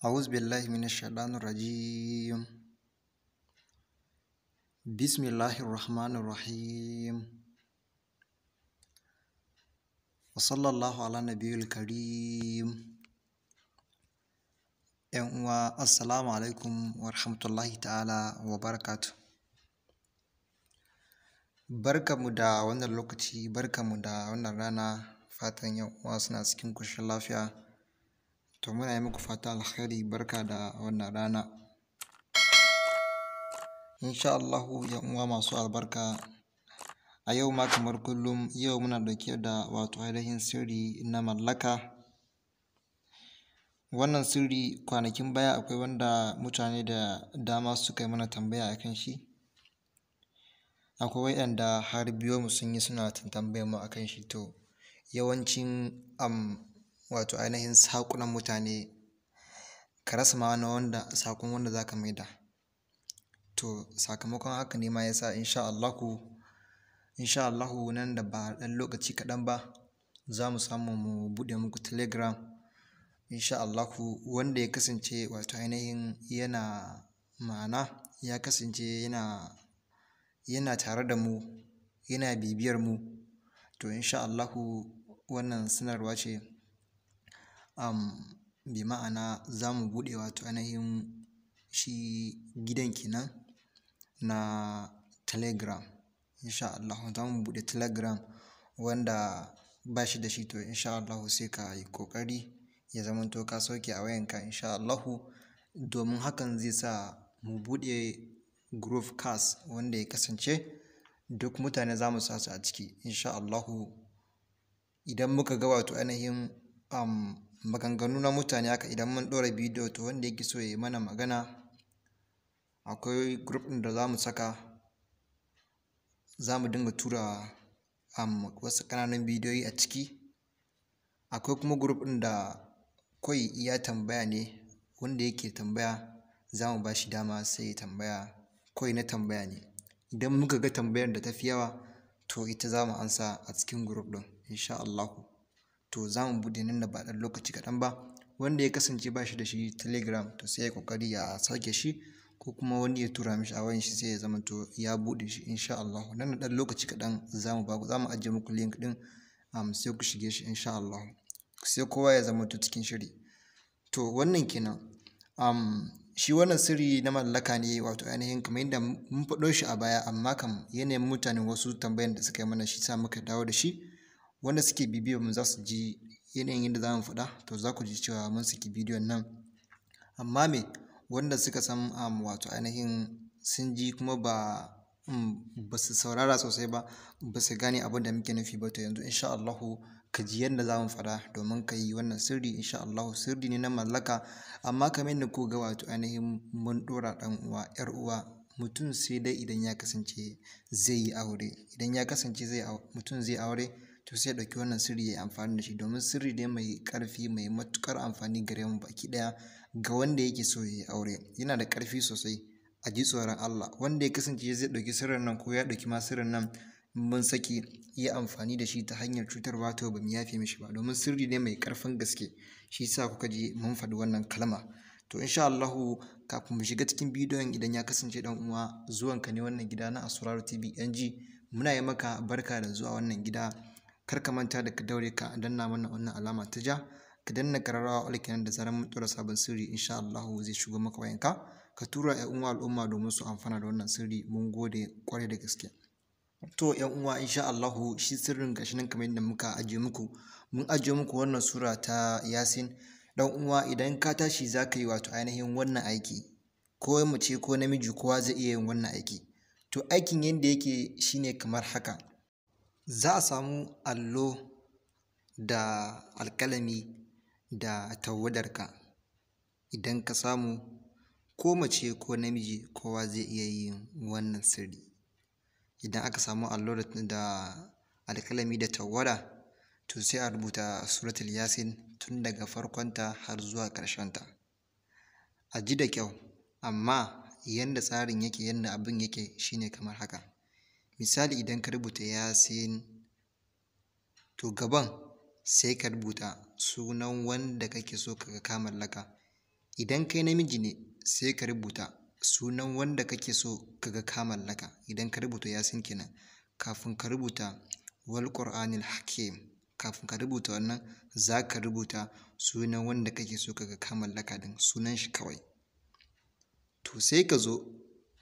أعوذ بالله من الشيطان الرجيم بسم الله الرحمن الرحيم وصلى الله على نبي ‘Yan uwa, Assalamu alaikum wa rahmatullahi ta'ala wa barakatu. Barkanmu da wannan lokaci, barka mu da wannan rana, fatan ‘yan uwa suna cikin ƙoshin lafiya. To muna yi muku fata alkhairi barka da wannan rana. Insha Allahu uwa masu albarka a yau ma kamar kullum yau muna dauke da wato ainihin sirri na mallaka. Wannan sirri kwanakin baya akwai wanda mutane da dama suka yi mana tambaya a kan shi. Akwai waɗanda har biyo mu sun yi suna tambayar mu a kan shi to yawancin am wato ainihin saƙunan mutane ka rasa ma na wanda saƙon wanda za ka maida to sakamakon haka ne ma ya sa insha Allahu insha Allahu nan da ba ɗan lokaci kaɗan ba za mu samu mu buɗe muku telegram insha Allahu wanda ya kasance wato ainihin yana ma'ana ya kasance yana yana tare da mu yana bibiyar mu to insha Allahu wannan sanarwa ce bi ma'ana za mu buɗe wato ainihin shi gidan kenan na telegram insha Allah za mu buɗe telegram wanda ba shi da shi to insha Allah sai ka yi ƙoƙari ya zamanto ka sauke a wayanka insha Allah domin hakan zai sa mu buɗe groove cast wanda ya kasance duk mutane za mu sa su a ciki insha Allah idan muka ga wato ainihin maganganu na mutane haka idan mun ɗora bidiyo to wanda yake so ya yi mana magana akwai group ɗin da za mu saka za mu dinga tura um, wasu ƙananan bidiyoyi a ciki akwai kuma group ɗin da kawai iya tambaya ne wanda yake tambaya za mu ba shi dama sai ya tambaya kawai na tambaya ne idan muka ga tambayar da ta fi yawa to ita za mu ansa a cikin group ɗin insha Allahu to za mu buɗe nan da ba ɗan lokaci kaɗan ba wanda ya kasance ba shi da shi telegram to sai ya ƙoƙari ya sake shi ko kuma wani ya tura mishi a wayan shi sai ya zama to ya buɗe shi insha Allah nan da ɗan lokaci kaɗan mu ba mu ajiye muku link ɗin sai ku shige shi insha Allah sai kowa ya zama to cikin shiri to wannan kenan um, shi wannan sirri na mallaka ne wato ainihin kamar yadda mun faɗo shi a baya amma kam yanayin mutanen wasu tambayan da suka yi mana shi sa muka dawo da shi wanda suke bibiyar mu za su ji yanayin yadda za mu faɗa to za ku ji cewa mun saki bidiyon nan amma me wanda suka san um, wato ainihin sun ji kuma ba um, ba su saurara sosai ba ba su gane abin da muke nufi ba to yanzu insha Allahu ka ji yadda za mu faɗa domin ka yi wannan sirri insha Allahu sirri ne na mallaka amma kamar yadda ku ga wato ainihin mun ɗora ɗan uwa ‘yar uwa mutum sai dai idan ya kasance zai yi aure idan ya kasance zai mutum zai aure to sai ya ɗauki wannan sirri ya yi amfani da shi domin sirri ne mai karfi mai matuƙar amfani gare mu baki daya ga wanda yake so ya yi aure yana da karfi sosai a ji tsoron Allah wanda ya kasance zai dauki sirrin nan ko ya dauki ma sirrin nan mun saki yi amfani da shi ta hanyar cutarwa wato ba mu yafe mishi ba domin sirri ne mai ƙarfin gaske shi sa kuka ji mun faɗi wannan kalma to insha Allahu kafin mu shiga cikin bidiyon idan ya kasance dan uwa zuwanka ne wannan gida na Asuraru TV NG muna yi maka barka da zuwa wannan gida kar ka manta da ka daure ka danna mana wannan alama ta ja ka danna kararrawa all kenan da zarar mun sabon sirri insha Allah zai shigo maka wayanka ka tura ƴan uwa al'umma domin su amfana da wannan sirri mun gode kwarai da gaske to ƴan uwa insha Allah shi sirrin gashi nan kamar yadda muka ajiye muku mun ajiye muku wannan sura ta Yasin dan uwa idan ka tashi za ka yi wato ainihin wannan aiki ko mace ko namiji kowa zai iya yin wannan aiki to aikin yadda yake shine kamar haka za a samu allo da alƙalami da tawwadarka idan ka samu ko mace ko namiji kowa zai iya yin wannan sirri idan aka samu allo da alkalami da tawada, to sai a rubuta suratul yasin tun daga farkonta har zuwa ƙarshenta a ji da kyau amma yanda tsarin yake yanda abin yake shine kamar haka misali idan ka rubuta yasin to gaban sai ka rubuta sunan wanda kake so kaga ka mallaka idan kai namiji ne sai ka rubuta sunan wanda kake so kaga ka mallaka idan ka rubuta yasin kenan kafin ka rubuta wal qur'anil hakim kafin ka rubuta wannan za ka rubuta sunan wanda kake so kaga ka mallaka din sunan shi kawai to sai ka zo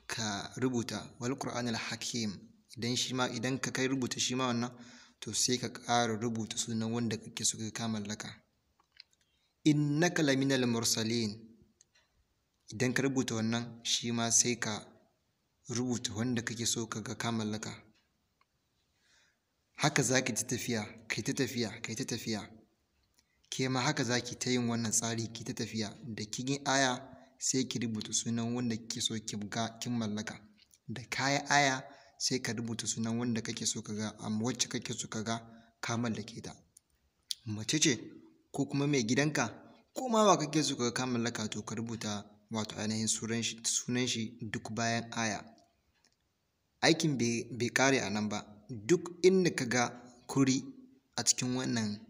ka rubuta wal qur'anil hakim idan shi ma idan ka kai rubuta shi ma wannan to sai ka ƙara rubuta sunan wanda kake so ka mallaka innaka laminal mursalin idan ka rubuta wannan shi ma sai ka rubuta wanda kake so ka ga ka mallaka haka za ki ta tafiya kai ta tafiya kai ta tafiya ke ma haka za ki ta yin wannan tsari ki ta tafiya da kin aya sai ki rubuta sunan wanda kike so ki ga kin mallaka da kayan aya sai ka rubuta sunan wanda kake so ka ga wacce kake so ka ga ka mallake ta mace ce ko kuma mai gidanka ko ma ba kake so ka ga ka mallaka to ka rubuta wato ainihin sunan shi duk bayan aya aikin bai kare a nan ba duk inda ka ga kuri a cikin wannan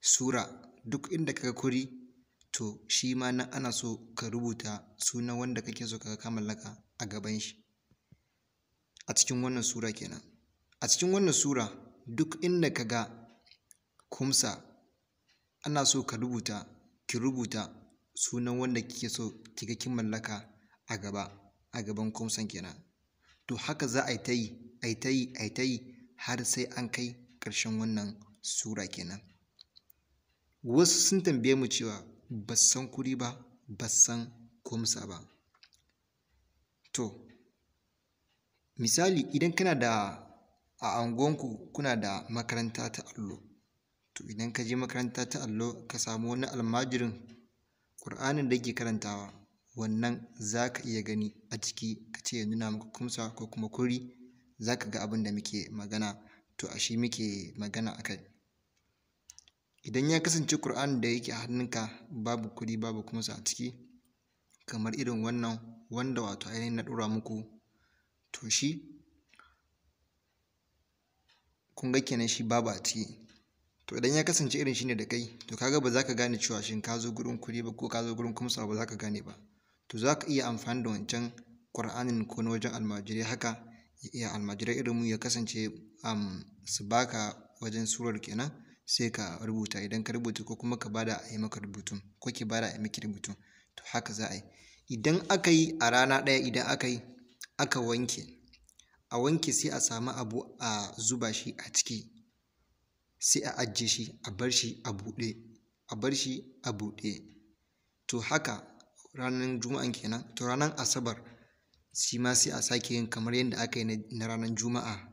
sura duk inda ka ga kuri to shi ma nan ana so ka rubuta sunan wanda kake so ka ga ka mallaka a gaban shi a cikin wannan sura kenan a cikin wannan sura duk inda ka ga kumsa ana so ka rubuta ki rubuta sunan wanda kike so ki ga kin mallaka a gaba a gaban kumsan kenan to haka za a yi ta yi a yi ta yi a yi ta yi har sai an kai ƙarshen wannan sura kenan wasu sun tambaye mu cewa ba san kuri ba ba san kumsa ba to misali idan kana da a anguwanku kuna da makaranta ta allo to idan ka je makaranta ta allo ka samu wani almajirin ƙur'anin da yake karantawa wannan za ka iya gani a ciki ka ce ya nuna muku kumsa ko kuma kuri za ka ga abin da muke magana to a shi muke magana a kai idan ya kasance ƙur'anin da yake a hannunka babu kuri babu kumsa a ciki kamar irin wannan wanda wato ainihin na ɗora muku to shi kun ga kenan shi babu a ciki to idan ya kasance irin shi ne da kai to kaga ba za ka gane cewa shin ka zo gurin kuri ba ko ka zo gurin kumsa ba za ka gane ba to za ka iya amfani da wancan ƙur'anin ko na wajen almajirai haka ya almajirai irin mu ya kasance su baka wajen surar kenan sai ka rubuta idan ka rubuta ko kuma ka bada a yi maka rubutun ko ki bada a yi miki rubutun to haka za a yi idan aka yi a rana ɗaya idan aka yi aka wanke a wanke sai a samu abu a zuba shi a ciki sai a ajiye shi a bar shi a buɗe a bar shi a buɗe to haka ranar juma'an kenan to ranar asabar shi ma sai a sake yin kamar yadda aka yi na ranar juma'a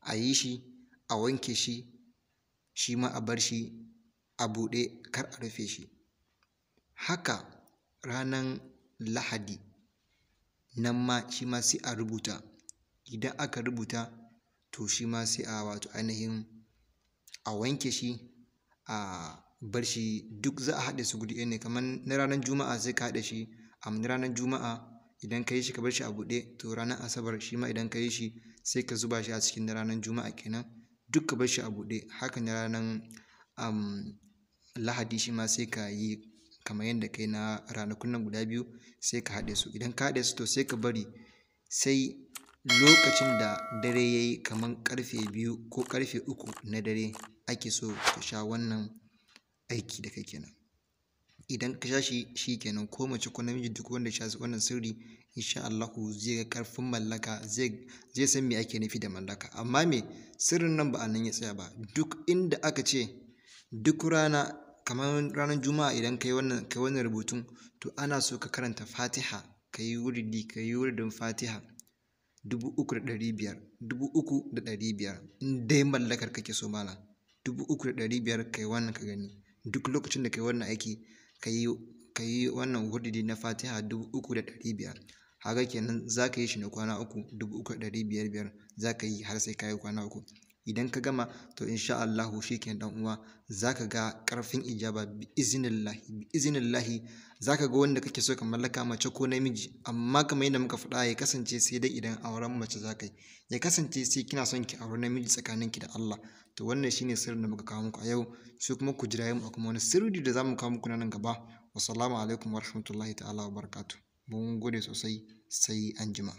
a yi shi a wanke shi shi ma a bar shi a buɗe kar a rufe shi haka ranar lahadi nan ma shi ma sai a rubuta idan aka rubuta to shi ma sai a wato ainihin a wanke shi a bar shi duk za a haɗe su guri ɗaya ne kamar na ranar juma'a sai ka haɗe shi a na ranar juma'a idan ka yi shi ka bar shi a buɗe to ranar asabar shi ma idan ka yi shi sai ka zuba shi a cikin na ranar juma'a kenan duk ka bar shi a buɗe haka na ranar um, lahadi shi ma sai ka yi kamar yadda kai na ranakun nan guda biyu sai ka haɗe su idan ka haɗe su to sai ka bari sai lokacin da dare ya yi kamar karfe biyu ko karfe uku na dare ake so ka sha wannan aiki da kai kenan idan ka sha shi shi kenan ko mace ko namiji duk wanda ya sha wannan sirri insha Allahu zai ga karfin mallaka zai zai san me ake nufi da mallaka amma me sirrin nan ba a nan ya tsaya ba duk inda aka ce duk rana kamar ranar juma'a idan kayi wannan ka wannan rubutun to ana so ka karanta fatiha ka yi wuridi ka wuridin fatiha dubu uku da ɗari biyar dubu uku da ɗari biyar in dai mallakar kake so mala dubu uku da ɗari biyar ka wannan ka gani duk lokacin da kai wannan aiki ka yi wannan wuridi na fatiha dubu uku da ɗari biyar haka kenan za ka yi shi na kwana uku dubu uku da ɗari biyar biyar za ka yi har sai ka yi kwana uku idan ka gama to insha Allahu shi ke dan uwa ka ga karfin ijaba bi iznillahi Za ka zaka ga wanda kake so ka mallaka mace ko namiji amma kamar yadda muka faɗa ya kasance sai dai idan auren mace za ka yi ya kasance sai kina son ki aure namiji tsakaninki da Allah to wannan shi ne sirrin da muka kawo muku a yau sai kuma ku jira mu a kuma wani sirri da za mu kawo muku nan gaba salamu alaikum wa rahmatullahi ta'ala barakatu. mun gode sosai sai anjima